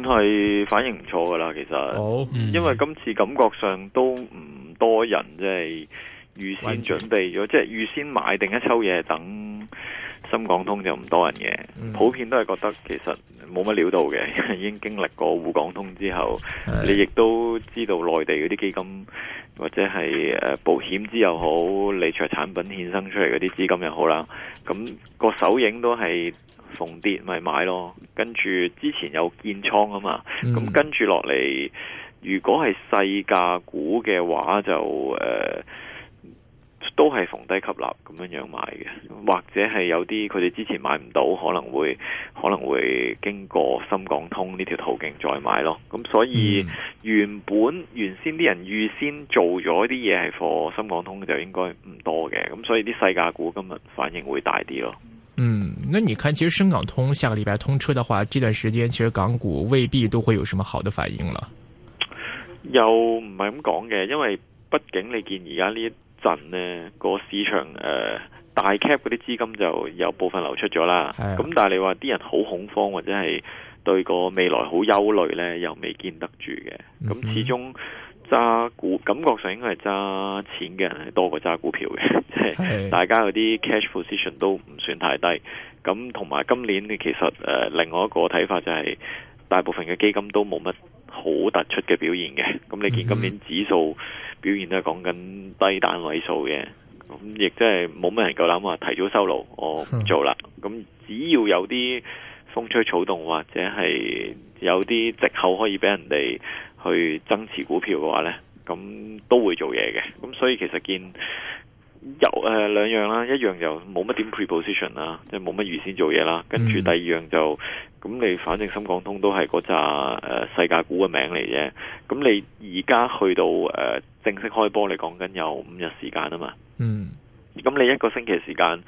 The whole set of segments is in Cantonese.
算係反應唔錯噶啦，其實，哦嗯、因為今次感覺上都唔多人，即係預先準備咗，定即係預先買定一抽嘢等深港通就唔多人嘅，嗯、普遍都係覺得其實冇乜料到嘅，已經經歷過滬港通之後，的你亦都知道內地嗰啲基金或者係誒、呃、保險資又好，理財產品衍生出嚟嗰啲資金又好啦，咁、那個手影都係。逢跌咪買咯，跟住之前有建倉啊嘛，咁、嗯、跟住落嚟，如果係細價股嘅話，就誒、呃、都係逢低吸納咁樣樣買嘅，或者係有啲佢哋之前買唔到，可能會可能會經過深港通呢條途徑再買咯。咁、嗯、所以原本原先啲人預先做咗啲嘢係 for 深港通就應該唔多嘅，咁所以啲細價股今日反應會大啲咯。嗯，那你看，其實深港通下個禮拜通車的話，這段時間其實港股未必都會有什麼好的反應了。又唔係咁講嘅，因為畢竟你見而家呢一陣呢個市場誒、呃、大 cap 嗰啲資金就有部分流出咗啦。咁、啊、但係你話啲人好恐慌或者係對個未來好憂慮咧，又未見得住嘅。咁始終。揸股感覺上應該係揸錢嘅人係多過揸股票嘅，即係是 大家嗰啲 cash position 都唔算太低。咁同埋今年嘅，其實誒、呃，另外一個睇法就係大部分嘅基金都冇乜好突出嘅表現嘅。咁你見今年指數表現都係講緊低單位數嘅，咁亦即係冇乜人夠膽話提早收樓，我唔做啦。咁、嗯、只要有啲風吹草動或者係有啲藉口可以俾人哋去增持股票嘅話咧，咁都會做嘢嘅。咁所以其實見有誒、呃、兩樣啦，一樣就冇乜點 preposition 啦，即係冇乜預先做嘢啦。跟住第二樣就，咁你反正深港通都係嗰扎誒世界股嘅名嚟啫，咁你而家去到誒、呃、正式開波，你講緊有五日時間啊嘛。嗯。咁你一個星期時間，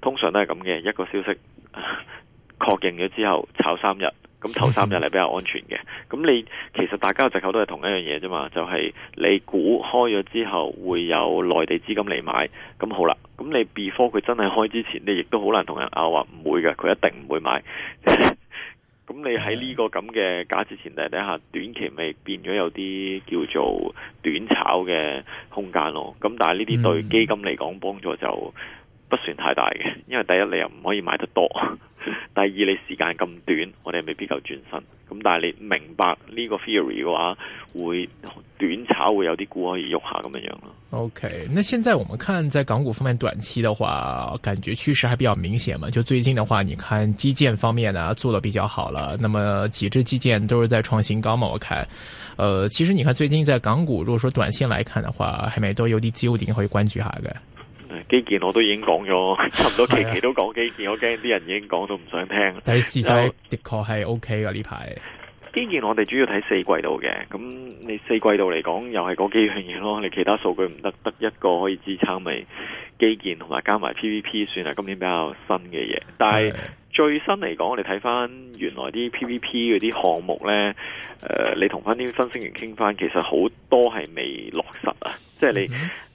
通常都係咁嘅，一個消息確認咗之後，炒三日。咁頭三日係比較安全嘅，咁你其實大家嘅借口都係同一樣嘢啫嘛，就係、是、你估開咗之後會有內地資金嚟買，咁好啦，咁你 before 佢真係開之前，你亦都好難同人拗話唔會嘅，佢一定唔會買。咁 你喺呢個咁嘅假設前提底下，短期咪變咗有啲叫做短炒嘅空間咯。咁但係呢啲對基金嚟講幫助就不算太大嘅，因為第一你又唔可以買得多。第二，你時間咁短，我哋未必夠轉身。咁但係你明白呢個 theory 嘅話，會短炒會有啲股可以用下咁樣樣咯。OK，那現在我們看在港股方面短期的話，感覺趨勢還比較明顯嘛？就最近的話，你看基建方面啊，做得比較好了。那麼幾隻基建都是在創新高嘛？我看，呃，其實你看最近在港股，如果說短線來看的話，係咪都有啲機會點可以關注下嘅？基建我都已經講咗，差唔多期期都講基建， 我驚啲人已經講到唔想聽。 但係事實的確係 O K 㗎。呢排基建我哋主要睇四季度嘅，咁你四季度嚟講又係嗰幾樣嘢咯，你其他數據唔得，得一個可以支撐咪基建同埋加埋 P V P 算係今年比較新嘅嘢，但係。最新嚟講，我哋睇翻原來啲 PPP 嗰啲項目呢，誒、呃，你同翻啲分析員傾翻，其實好多係未落實啊！即係你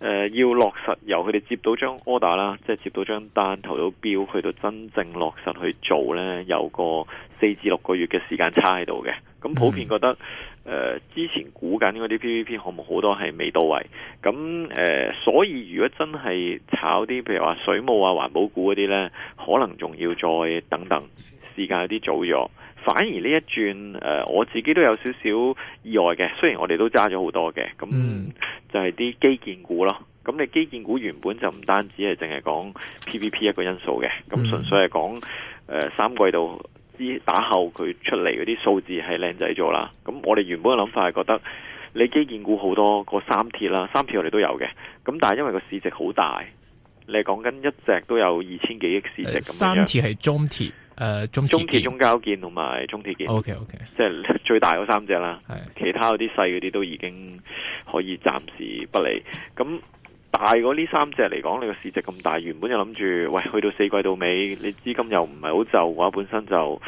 誒要落實，由佢哋接到張 order 啦，即係接到張單投到標，去到真正落實去做呢，有個四至六個月嘅時間差喺度嘅。咁普遍覺得。誒、呃，之前估緊嗰啲 PPP 項目好多係未到位，咁、嗯、誒、呃，所以如果真係炒啲譬如話水務啊、環保股嗰啲呢，可能仲要再等等時間有啲早咗。反而呢一轉誒、呃，我自己都有少少意外嘅，雖然我哋都揸咗好多嘅，咁、嗯、就係、是、啲基建股咯。咁、嗯、你基建股原本就唔單止係淨係講 PPP 一個因素嘅，咁、嗯、純、嗯、粹係講、呃、三季度。打後佢出嚟嗰啲數字係靚仔咗啦，咁我哋原本嘅諗法係覺得你基建股好多個三鐵啦，三鐵我哋都有嘅，咁但係因為個市值好大，你係講緊一隻都有二千幾億市值咁樣。三鐵係中鐵，誒中建、中交建同埋中鐵建。O K O K，即係最大嗰三隻啦，係的其他嗰啲細嗰啲都已經可以暫時不理咁。大過呢三隻嚟講，你個市值咁大，原本就諗住，喂，去到四季度尾，你資金又唔係好就嘅話，本身就，誒、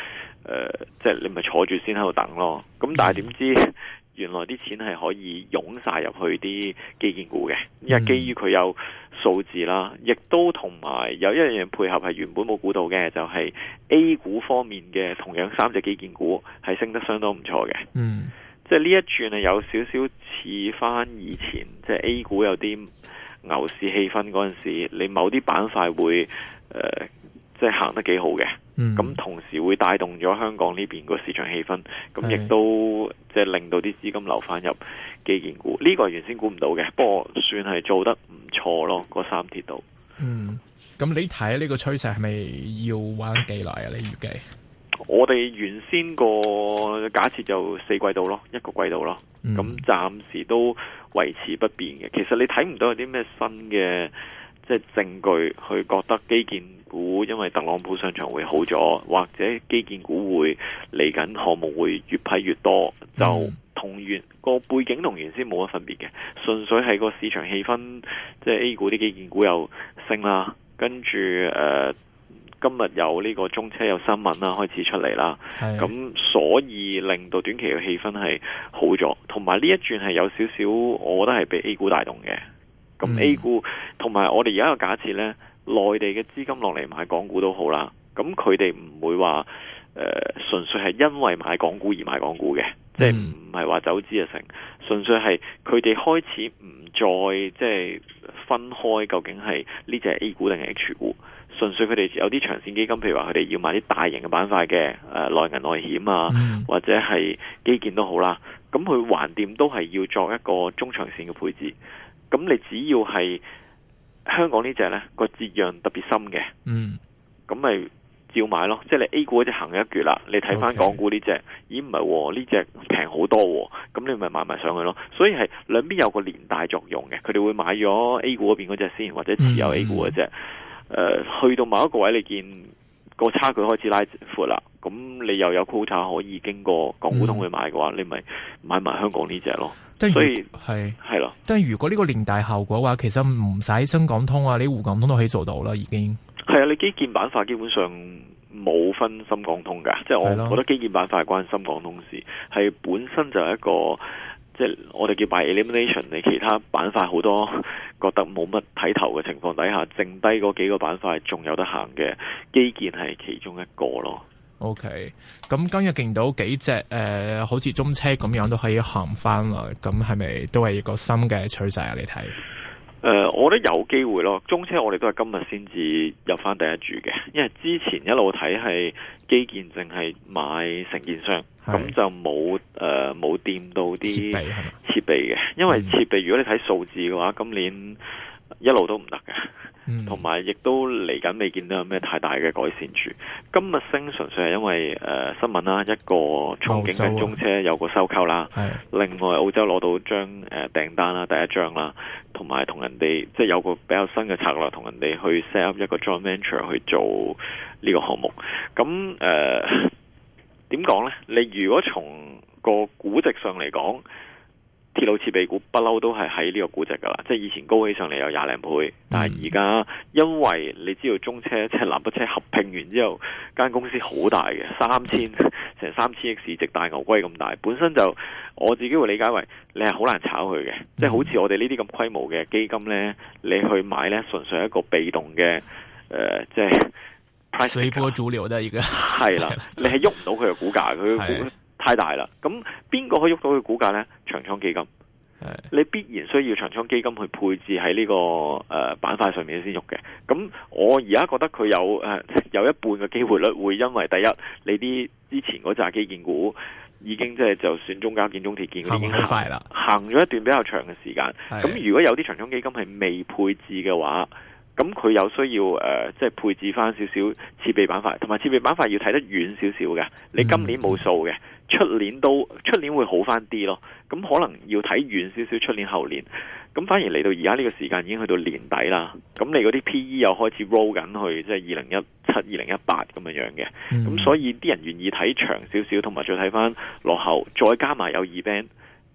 呃，即係你咪坐住先喺度等咯。咁但係點知，原來啲錢係可以湧晒入去啲基建股嘅，因為基於佢有數字啦，亦都同埋有一樣嘢配合，係原本冇估到嘅，就係 A 股方面嘅同樣三隻基建股係升得相當唔錯嘅。嗯，即係呢一轉係有少少似翻以前，即係 A 股有啲。牛市氣氛嗰陣時，你某啲板塊會誒、呃，即係行得幾好嘅。咁、嗯、同時會帶動咗香港呢邊個市場氣氛，咁亦是都即係令到啲資金流翻入基建股。呢、呢個係原先估唔到嘅，不過算係做得唔錯咯。嗰三鐵道。嗯，咁你睇呢個趨勢係咪要玩幾耐啊？你預計？我哋原先個假設就四季度咯，一個季度咯。咁、嗯、暫時都。維持不變嘅，其實你睇唔到有啲咩新嘅即係證據去覺得基建股，因為特朗普上場會好咗，或者基建股會嚟緊項目會越批越多，就同原個背景同原先冇乜分別嘅，純粹係個市場氣氛，即係 A 股啲基建股又升啦，跟住誒。呃今日有呢個中車有新聞啦，開始出嚟啦，咁的所以令到短期嘅氣氛係好咗，同埋呢一轉係有少少，我覺得係被 A 股帶動嘅。咁、嗯、A 股同埋我哋而家個假設呢，內地嘅資金落嚟買港股都好啦。咁佢哋唔會話誒純粹係因為買港股而買港股嘅，嗯，即係唔係話走資嘅成，純粹係佢哋開始唔再即係分開，究竟係呢隻 A 股定 H 股。純粹佢哋有啲長線基金，譬如話佢哋要買啲大型嘅板塊嘅，誒內銀內險啊，嗯、或者係基建都好啦。咁佢橫掂都係要作一個中長線嘅配置。咁你只要係香港隻呢隻呢個折讓特別深嘅，咁咪、嗯、照買咯。即係你 A 股嗰隻行一橛啦，你睇翻港股呢隻，嗯、咦唔係喎？呢隻平好多喎，啊，咁你咪買埋上去咯。所以係兩邊有個連帶作用嘅，佢哋會買咗 A 股嗰邊嗰隻先，或者持有 A 股嗰隻。嗯嗯誒，uh, 去到某一個位，你見個差距開始拉闊啦，咁你又有 quota 可以經過港股通去買嘅話，嗯、你咪買埋香港呢隻咯。所以係係咯，是的但係如果呢個連帶效果嘅話，其實唔使深港通啊，你滬港通都可以做到啦，已經。係啊，你基建板塊基本上冇分深港通噶，即係我我覺得基建板塊係關深港通事，係本身就係一個。即係我哋叫 by elimination，你其他板塊好多覺得冇乜睇頭嘅情況底下，剩低嗰幾個板塊仲有得行嘅，基建係其中一個咯。OK，咁今日見到幾隻誒、呃，好似中車咁樣都可以行翻啦。咁係咪都係一個新嘅趨勢啊？你睇？誒，uh, 我覺得有機會咯。中車，我哋都係今日先至入翻第一注嘅，因為之前一路睇係基建淨係買承建商，咁的就冇誒冇掂到啲設備嘅。因為設備，如果你睇數字嘅話，今年，一路都唔得嘅，同埋亦都嚟緊未見到有咩太大嘅改善住。今日升純粹係因為誒、呃、新聞啦，一個憧憬緊中車有個收購啦，洲另外澳洲攞到張誒訂單啦，第一張啦，同埋同人哋即係有個比較新嘅策略，同人哋去 set up 一個 joint venture 去做呢個項目。咁誒，點講呢？你如果從個估值上嚟講，鐵路設備股不嬲都係喺呢個估值，噶啦，即係以前高起上嚟有廿零倍，但係而家因為你知道中車即係、就是、南北車合併完之後，間公司好大嘅，三千成三千億市值大牛龜咁大，本身就我自己會理解為你係好難炒佢嘅，即係、嗯、好似我哋呢啲咁規模嘅基金呢，你去買呢，純粹一個被動嘅，誒、呃，即係隨波逐流嘅一個係啦， 你係喐唔到佢嘅股價，佢。太大啦，咁邊個可以喐到佢股價呢？長倉基金，是的 你必然需要長倉基金去配置喺呢、這個誒、呃、板塊上面先喐嘅。咁我而家覺得佢有誒、呃、有一半嘅機會率會因為第一，你啲之前嗰紮基建股已經即係就選中交建、中鐵建、建、中鐵建已經行咗一段比較長嘅時間。咁是的 如果有啲長倉基金係未配置嘅話，咁佢有需要誒即係配置翻少少設備板塊，同埋設備板塊要睇得遠少少嘅。你今年冇數嘅。嗯出年都出年會好翻啲咯，咁可能要睇遠少少，出年後年，咁反而嚟到而家呢個時間已經去到年底啦。咁你嗰啲 PE 又開始 roll 緊去，即係二零一七、二零一八咁樣樣嘅。咁所以啲人願意睇長少少，同埋再睇翻落後再加埋有 event，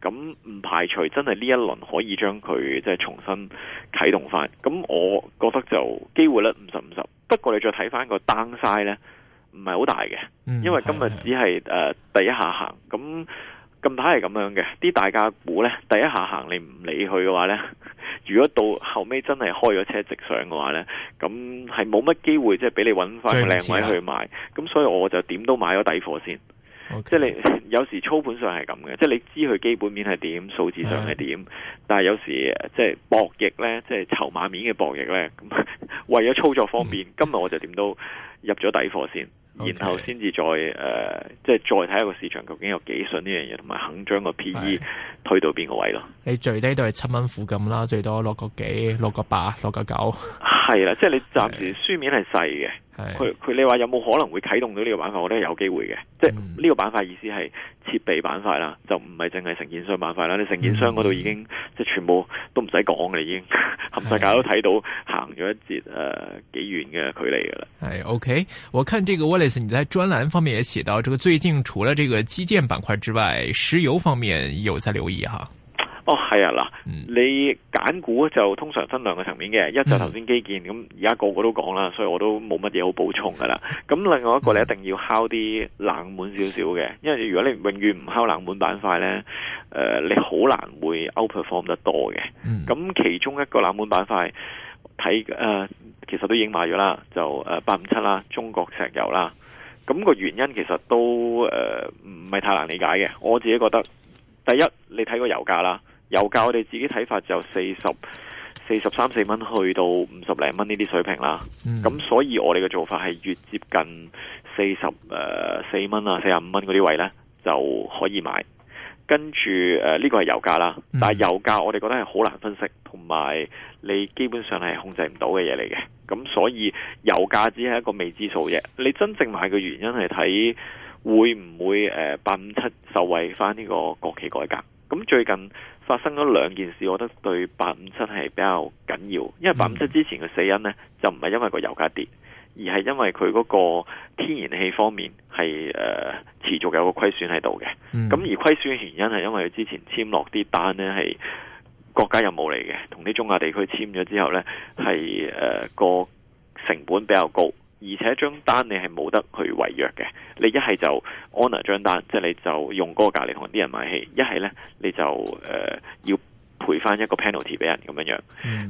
咁唔排除真係呢一輪可以將佢即係重新啟動翻。咁我覺得就機會咧五十五十，50, 不過你再睇翻個 downside 咧。唔係好大嘅，嗯、因為今日只係誒是是、呃、第一下行，咁近排係咁樣嘅。啲大價股呢，第一下行你唔理佢嘅話呢，如果到後尾真係開咗車直上嘅話呢，咁係冇乜機會，即係俾你揾翻個靚位去買。咁所以我就點都買咗底貨先。Okay. 即係你有時操盤上係咁嘅，即係你知佢基本面係點，數字上係點，嗯、但係有時即係、就是、博弈呢，即係籌碼面嘅博弈呢。咁 為咗操作方便，嗯、今日我就點都入咗底貨先。然後先至再誒、呃，即係再睇下個市場究竟有幾信呢樣嘢，同埋肯將個 PE 推到邊個位咯？你最低都係七蚊附近啦，最多六個幾、六個八、六個九。係 啦，即係你暫時書面係細嘅。佢佢你話有冇可能會啟動到呢個板塊？我覺得係有機會嘅，即係呢、嗯、個板塊意思係設備板塊啦，就唔係淨係承建商板塊啦。你承建商嗰度已經、嗯、即係全部都唔使講嘅，已經，冚 世界都睇到、哎、行咗一截誒幾遠嘅距離噶啦。係、哎、OK，我看這個 Wallace，你在專欄方面也寫到，這個最近除了這個基建板塊之外，石油方面有在留意哈、啊。哦，係啊，嗱，嗯、你揀股就通常分兩個層面嘅，一就頭先基建，咁而家個個都講啦，所以我都冇乜嘢好補充噶啦。咁另外一個你一定要敲啲冷門少少嘅，因為如果你永遠唔敲冷門板塊呢，誒、呃，你好難會 outperform 得多嘅。咁、嗯、其中一個冷門板塊，睇誒、呃，其實都已經買咗啦，就誒八五七啦，中國石油啦。咁、那個原因其實都誒唔係太難理解嘅，我自己覺得，第一你睇個油價啦。油價我哋自己睇法就四十四十三四蚊去到五十零蚊呢啲水平啦，咁、嗯、所以我哋嘅做法係越接近四十誒、呃、四蚊啊四十五蚊嗰啲位呢，就可以買，跟住誒呢個係油價啦，但係油價我哋覺得係好難分析，同埋你基本上係控制唔到嘅嘢嚟嘅，咁所以油價只係一個未知數啫。你真正買嘅原因係睇會唔會誒八五七受惠翻呢個國企改革，咁最近，發生咗兩件事，我覺得對八五七係比較緊要，因為八五七之前嘅死因呢，就唔係因為個油價跌，而係因為佢嗰個天然氣方面係誒、呃、持續有個虧損喺度嘅。咁、嗯、而虧損嘅原因係因為佢之前簽落啲單呢，係國家任務嚟嘅，同啲中亞地區簽咗之後呢，係誒個成本比較高。而且張單你係冇得去違約嘅，你一係就 honor 嗰張單，即係你就用嗰個價嚟同啲人買戲，一係咧你就誒、呃、要。回翻一個 penalty 俾人咁樣樣，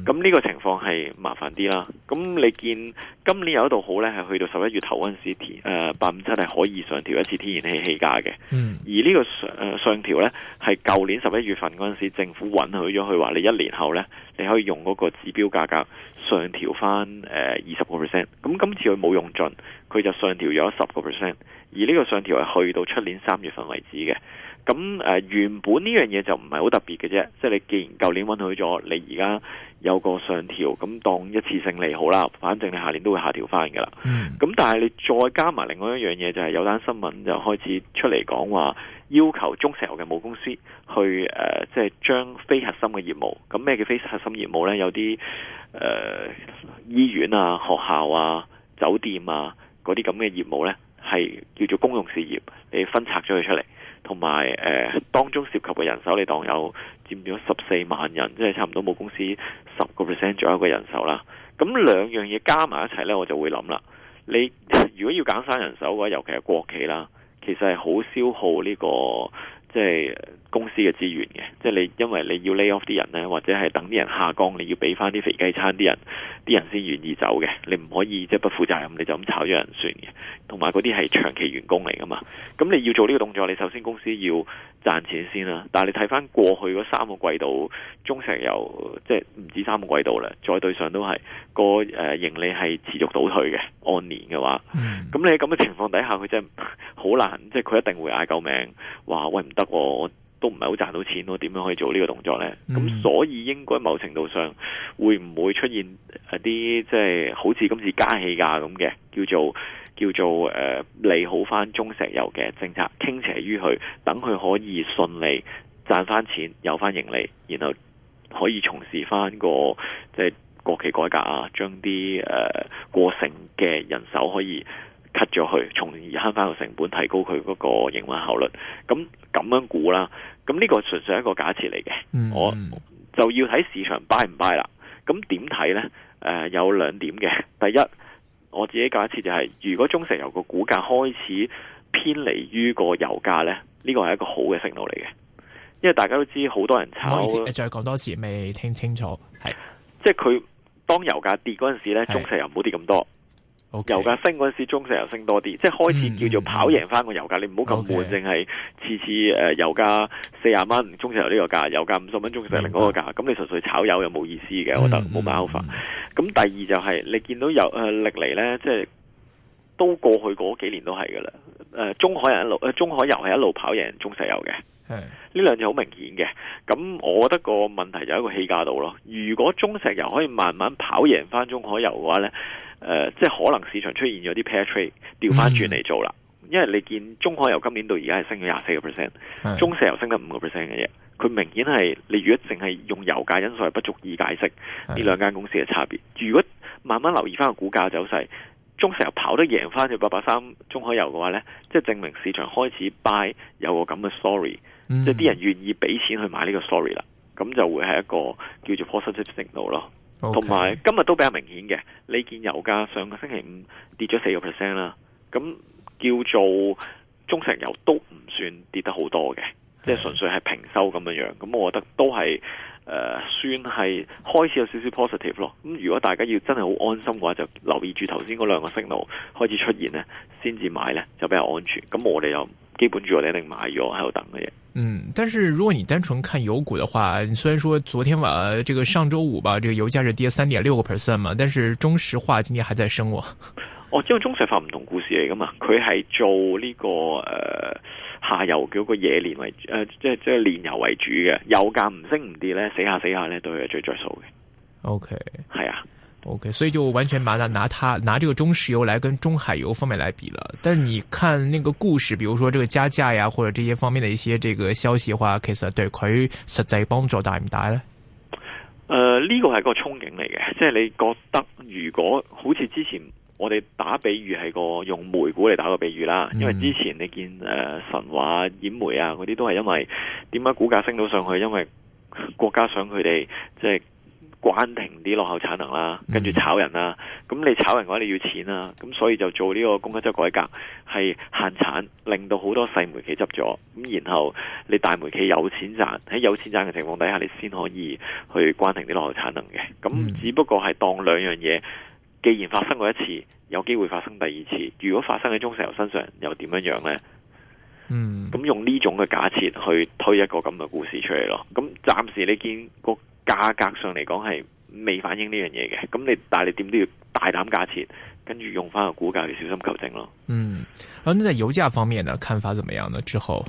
咁呢、嗯、個情況係麻煩啲啦。咁你見今年有一度好呢，係去到十一月頭嗰陣時，八五七係可以上調一次天然氣氣價嘅。嗯、而呢個上、呃、上調呢，係舊年十一月份嗰陣時，政府允許咗佢話你一年後呢，你可以用嗰個指標價格上調翻誒二十個 percent。咁、呃、今次佢冇用盡，佢就上調咗十個 percent。而呢個上調係去到出年三月份為止嘅。咁誒、呃，原本呢樣嘢就唔係好特別嘅啫，即係你既然舊年允許咗，你而家有個上調，咁當一次性利好啦，反正你下年都會下調翻噶啦。咁、嗯、但係你再加埋另外一樣嘢，就係、是、有單新聞就開始出嚟講話，要求中石油嘅母公司去誒，即係將非核心嘅業務，咁咩叫非核心業務呢？有啲誒、呃，醫院啊、學校啊、酒店啊，嗰啲咁嘅業務呢，係叫做公用事業，你分拆咗佢出嚟。同埋誒，當中涉及嘅人手，你當有佔咗十四萬人，即係差唔多冇公司十個 percent 左右嘅人手啦。咁兩樣嘢加埋一齊呢，我就會諗啦。你如果要減省人手嘅話，尤其係國企啦，其實係好消耗呢個。即係公司嘅資源嘅，即係你因為你要 lay off 啲人呢，或者係等啲人下崗，你要俾翻啲肥雞餐啲人，啲人先願意走嘅。你唔可以即係不負責任，你就咁炒咗人算嘅。同埋嗰啲係長期員工嚟噶嘛，咁你要做呢個動作，你首先公司要賺錢先啦，啊。但係你睇翻過去嗰三個季度，中石油即係唔止三個季度啦，再對上都係、個誒盈利係持續倒退嘅，按年嘅話。咁你喺咁嘅情況底下，佢真係好難，即係佢一定會嗌救命，話喂唔不過都唔係好賺到錢咯，點樣可以做呢個動作呢？咁、mm hmm. 所以應該某程度上會唔會出現一啲即係好似今次加氣價咁嘅，叫做叫做誒、呃、利好翻中石油嘅政策，傾斜於佢，等佢可以順利賺翻錢，有翻盈利，然後可以從事翻個即係國企改革啊，將啲誒、呃、過剩嘅人手可以。cut 咗佢，從而慳翻個成本，提高佢嗰個營運效率。咁咁樣估啦。咁呢個純粹係一個假設嚟嘅。嗯、我就要睇市場 buy 唔 buy 啦。咁點睇呢？誒、呃、有兩點嘅。第一，我自己假設就係、是，如果中石油個股價開始偏離於個油價呢，呢個係一個好嘅信號嚟嘅。因為大家都知好多人炒。唔好意思你再講多次，未聽清楚。係，即係佢當油價跌嗰陣時呢，是中石油唔好跌咁多。Okay. 油價升嗰陣時，中石油升多啲，即係開始叫做跑贏翻個油價。Mm hmm. 你唔好咁悶，淨係 Okay. 次次誒，油價四十蚊，中石油呢個價；油價五十蚊，中石油另一個價。咁、mm hmm. 你純粹炒油又冇意思嘅，mm hmm. 我覺得冇辦法。l 咁、mm hmm. 第二就係、是、你見到油誒歷嚟咧，即係都過去嗰幾年都係噶啦。誒、呃，中海油一路、呃、中海油係一路跑贏中石油嘅。呢、mm hmm. 兩樣好明顯嘅。咁我覺得個問題就喺個氣價度咯。如果中石油可以慢慢跑贏翻中海油嘅話咧。誒、呃，即係可能市場出現咗啲 pair trade，調翻轉嚟做啦。嗯、因為你見中海油今年到而家係升咗廿四個 percent，中石油升得五個 percent 嘅嘢，佢明顯係你如果淨係用油價因素係不足以解釋呢兩間公司嘅差別。如果慢慢留意翻個股價走勢，中石油跑得贏翻去八八三，中海油嘅話咧，即係證明市場開始 buy 有個咁嘅 story、嗯、即係啲人願意俾錢去買呢個 story 啦。咁就會係一個叫做 positive signal 咯。同埋 Okay. 今日都比較明顯嘅，你見油價上個星期五跌咗四個 percent 啦，咁叫做中石油都唔算跌得好多嘅，即係純粹係平收咁樣樣，咁我覺得都係。誒、呃、算係開始有少少 positive 咯。咁如果大家要真係好安心嘅話，就留意住頭先嗰兩個 signal 開始出現咧，先至買咧就比較安全。咁我哋就基本住我哋一定買咗喺度等嘅嘢。嗯，但是如果你單純看油股嘅話，你雖然說昨天晚，這個上週五吧，這個油價是跌三點六個 percent 嘛，但是中石化今天還在升喎。哦，知係中石化唔同故事嚟噶嘛？佢係做呢、這個誒、呃、下游叫個冶煉為主，誒、呃、即係即係煉油為主嘅，油價唔升唔跌咧，死下死下咧，對佢係最着數嘅。OK，係啊，OK，所以就完全拿拿它拿這個中石油嚟，跟中海油方面來比啦。但係你看那個故事，比如說這個加價呀，或者這些方面的一些這個消息嘅話，其實對佢於實際幫助大唔大呢？誒、呃，呢、這個係個憧憬嚟嘅，即係你覺得如果好似之前。我哋打比喻係個用煤股嚟打個比喻啦，因為之前你見誒、呃、神華陝煤啊嗰啲都係因為點解股價升到上去？因為國家想佢哋即係關停啲落後產能啦，跟住炒人啦。咁你炒人嘅話，你要錢啦，咁所以就做呢個供給側改革，係限產令到好多細煤企執咗。咁然後你大煤企有錢賺，喺有錢賺嘅情況底下，你先可以去關停啲落後產能嘅。咁只不過係當兩樣嘢。既然發生過一次，有機會發生第二次。如果發生喺中石油身上，又點樣樣呢？嗯，咁用呢種嘅假設去推一個咁嘅故事出嚟咯。咁暫時你見個價格上嚟講係未反映呢樣嘢嘅，咁你但係你點都要大膽假設，跟住用翻個股價去小心求證咯。嗯，咁你在油價方面呢，看法怎麼樣呢？之後。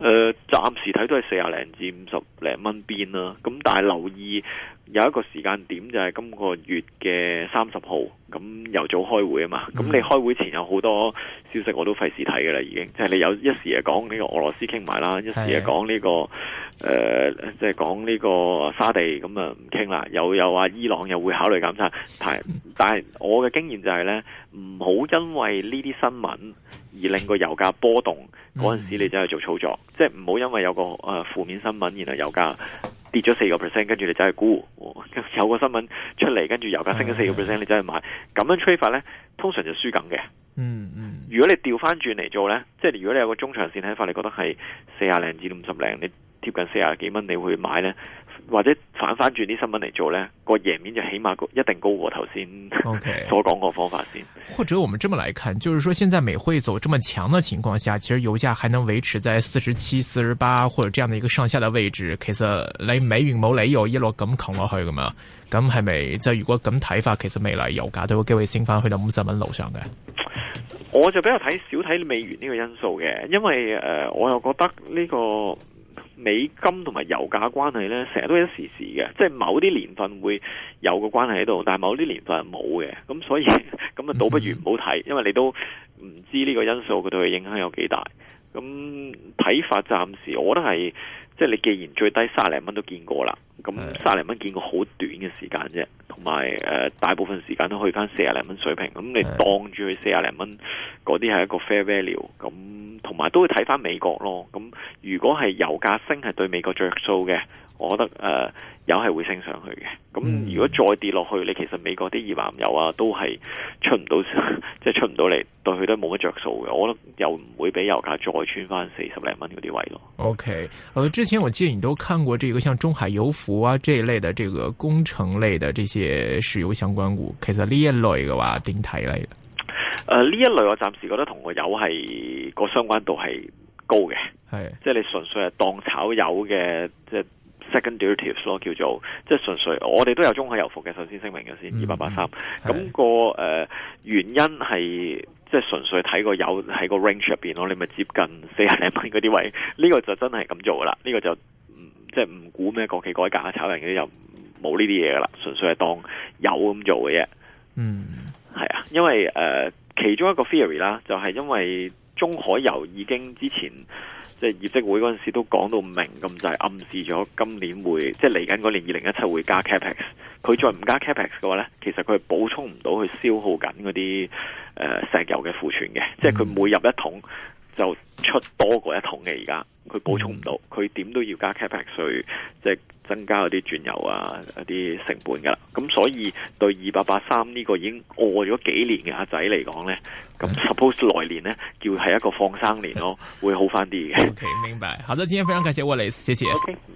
誒，暫、呃、時睇都係四十零至五十零蚊邊啦。咁但係留意有一個時間點，就係今個月嘅三十號，咁由早開會啊嘛。咁、嗯、你開會前有好多消息，我都費事睇㗎喇，已經。即係你有一時又講呢個俄羅斯傾埋啦，一時又講呢個。誒，即係講呢個沙地咁啊，唔傾啦。又有啊，伊朗又會考慮減產，但係我嘅經驗就係、是、呢：唔好因為呢啲新聞而令個油價波動。嗰陣時你就去做操作，即係唔好因為有個誒負、呃、面新聞，然後油價跌咗四個 percent，跟住你就去沽、哦。有個新聞出嚟，跟住油價升咗四個 percent，你就去買。咁樣吹法呢，通常就輸緊嘅。嗯嗯，如果你調翻轉嚟做呢，即、就、係、是、如果你有個中長線睇法，你覺得係四十零至五十零，你。近四廿幾蚊你會買咧，或者反翻轉啲新聞嚟做咧，個贏面就起碼一定高過頭先所講個方法先。Okay. 或者我們這麼來看，就是說，現在美匯走這麼強的情況下，其實油價還能維持在四十七、四十八或者這樣的一個上下的位置。其實你美元冇理由一路咁強落去咁嘛，咁係咪即係如果咁睇法，其實未來油價都有機會升翻去到五十蚊樓上嘅？我就比較睇少睇美元呢個因素嘅，因為誒、呃、我又覺得呢、這個。美金同埋油價關係咧，成日都一時時嘅，即係某啲年份會有個關係喺度，但係某啲年份係冇嘅，咁所以咁啊，倒不如唔好睇，因為你都唔知呢個因素佢對佢影響有幾大。咁睇法暫時，我覺得係即係你既然最低三十零蚊都見過啦，咁三十零蚊見過好短嘅時間啫，同埋誒大部分時間都去翻四十零蚊水平，咁你當住去四十零蚊嗰啲係一個 fair value，咁同埋都會睇翻美國咯。咁如果係油價升係對美國著數嘅。我覺得誒，油、呃、係會升上去嘅。咁如果再跌落去，你、嗯、其實美國啲二萬油啊，都係出唔到，即 係出唔到嚟，對佢都冇乜着數嘅。我覺得又唔會俾油價再穿翻四十零蚊嗰啲位咯。OK，誒、呃，之前我記得你都看過這個像中海油服啊，這一類的這個工程類的這些石油相關股，其實呢一類嘅話點睇咧？誒，呢、呃、一類我暫時覺得同個油係、那個相關度係高嘅，係是即係你純粹係當炒油嘅，即係。Second derivatives 咯，叫做即係純粹，我哋都有中海油服嘅，首先聲明嘅先，二八八三咁個誒是的、呃、原因係即係純粹睇個油喺個 range 入邊咯，你咪接近四廿零蚊嗰啲位，呢、這個就真係咁做噶啦，呢、這個就即係唔估咩國企改革啊，炒人嘅又冇呢啲嘢噶啦，純粹係當油咁做嘅啫。嗯，係啊，因為誒、呃、其中一個 theory 啦，就係因為中海油已經之前。即係業績會嗰陣時都講到明咁，就係、是、暗示咗今年會即係嚟緊嗰年二零一七會加 capex。佢再唔加 capex 嘅話呢，其實佢係補充唔到佢消耗緊嗰啲誒石油嘅庫存嘅，即係佢每入一桶。就出多過一桶嘅，而家，佢補充唔到，佢點都要加 capex 稅，即係增加嗰啲轉油啊，一啲成本噶啦。咁所以對二八八三呢個已經餓咗幾年嘅阿仔嚟講咧，咁 suppose 來年咧叫係一個放生年咯，會好返啲。嘅。 OK，明白。好的，今天非常感謝 Wallace，謝謝。OK。